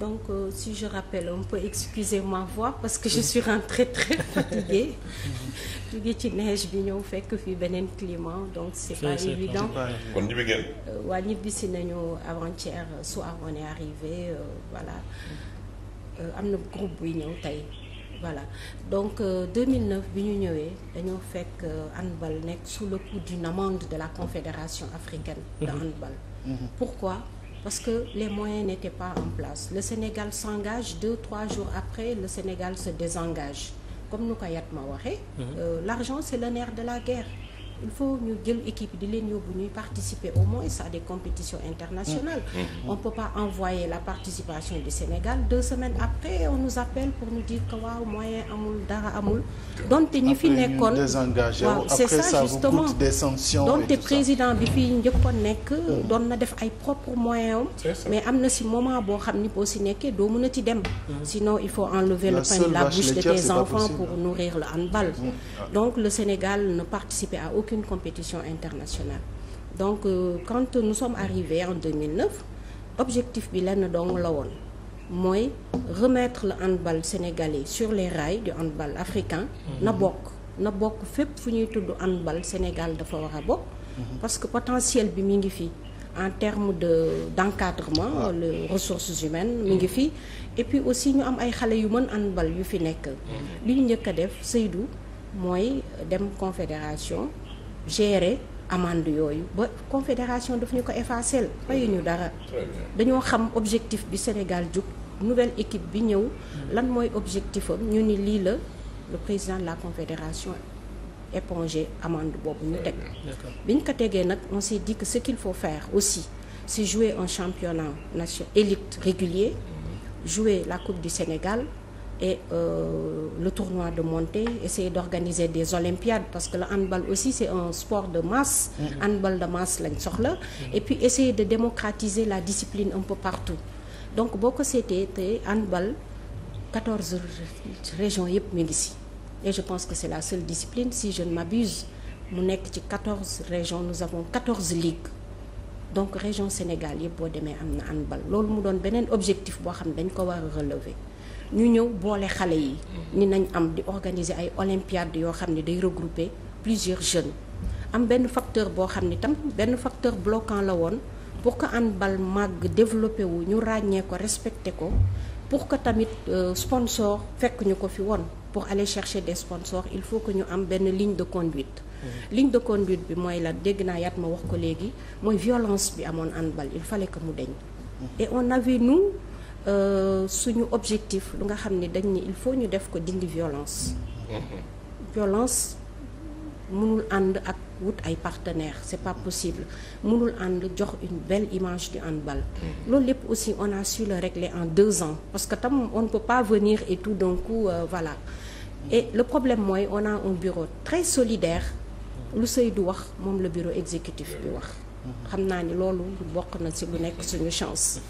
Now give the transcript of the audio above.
donc euh, si je rappelle on peut excuser ma voix parce que je suis rentrée très fatiguée jóge ci neige bi ñëw fekk fii beneen climat donc c'est pas évident euh, waa ñibbi si nañu avant-hier soir euh, voilà euh, am na groupe buy ñëw tey voilà donc euh, 2009 bi ñu ñëwee dañoo fekk handball nekk sous le coup d'une amende de la confédération africaine de mhm. handball mhm. pourquoi parce que les moyens n'étaient pas en place le Sénégal s'engage deux trois jours après le Sénégal se désengage comme nu ko Yatma waxee mhm. euh, l'argent c'est le nerf de la guerre il faut ñu jël équipe di leen yóbbu ñuy participer au moins à des compétitions internationales mm. Mm. Mm. on peut pas envoyer la participation du Sénégal deux semaines après on nous appelle pour nous dire que waaw moyen amul dara amul donte ñi fi nekkoon waaw c'est ça justement donte président bi fi njëkkoon nekk doon na def ay propres moyens am mais am na si moment boo xam ni boo si nekkee doo mën a ci dem sinon il faut enlever le pain de la de tes enfants pour aucune compétition internationale donc euh, quand nous sommes arrivés en 2009 objectif bi lenn dong la woon mooy remettre le handball sénégalais sur les rails du handball africain mhm. na bokk na bokk fépp fu ñuy tudd handball Sénégal dafa war a bokk mhm. parce que potentiel bi mi ngi fii en terme de d'encadrement ah. le ressources humaines mi mhm. ngi fii et puis aussi ñu am ay xale yu mën handball yu fi nekk li ñu njëkk a def Seydou mooy dem confédération gérer amande yooyu ba confédération daf ñu ko effacer fayuñu dara dañoo xam objectif bi Sénégal jug nouvelle équipe bi ñëw lan mooy objectif ñu ni lii la le président de la confédération éponger amande boobu ñu teg bi ñu ko tegee nag on s'est dit que ce qu'il faut faire aussi si jouer un championnat national élite régulier jouer la coupe du Sénégal et euh, le tournoi de montée essayer d'organiser des olympiades parce que le handball aussi c'est un sport de masse mm-hmm. handball de masse lañ soxla mm-hmm. et puis essayer de démocratiser la discipline un peu partout donc boo ko seetee te handball quatorze régions yëpp mi ngi si et je pense que c'est la seule discipline si je ne m'abuse mu nekk ci région régions nous avons quatorze ligues donc région Sénégal yëpp boo demee am na handball loolu mu doon beneen objectif boo xam ne dañ ko war a relever ñu ñëw boole xale yi ni nañ am di organiser ay olympiade yoo xam ne day regrouper plusieurs jeunes am benn facteur boo xam ne tam benn facteur bloquant la woon pour que handball màgg développé wu ñu ràññee ko respecté ko pour que tamit euh, sponsor fekk ñu ko fi woon pour aller chercher des sponsors il faut que ñu am benn ligne de conduite Mmh. ligne de conduite bi mooy la dégg naa yaat ma wax ko léegi mooy violence bi amoon handball il fallait que mu deñ mm-hmm. et on avait Euh, suñu objectif lu nga xam ni dañ ni il faut ñu def ko dindi violence mhm. violence mënul ànd ak wut ay partenaires c'est pas possible mënul ànd jox une belle image du handball mhm. loolu lépp aussi on a su le en deux ans parce que tam on ne peut pas venir et tout euh, voilà et le problème mooy on a un bureau très solidaire lu Seydou wax moom la bureau exécutif bi wax mhm. xam naa ni loolu bokk na si lu nekk suñu chance